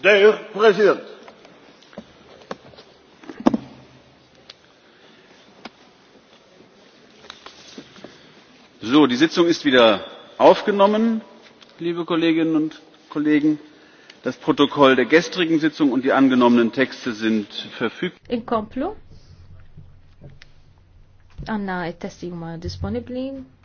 Dear President, So, die Sitzung ist wieder aufgenommen, liebe Kolleginnen und Kollegen. Das Protokoll der gestrigen Sitzung und die angenommenen Texte sind verfügbar. In Komplo. Anna, it-testi huma disponibbli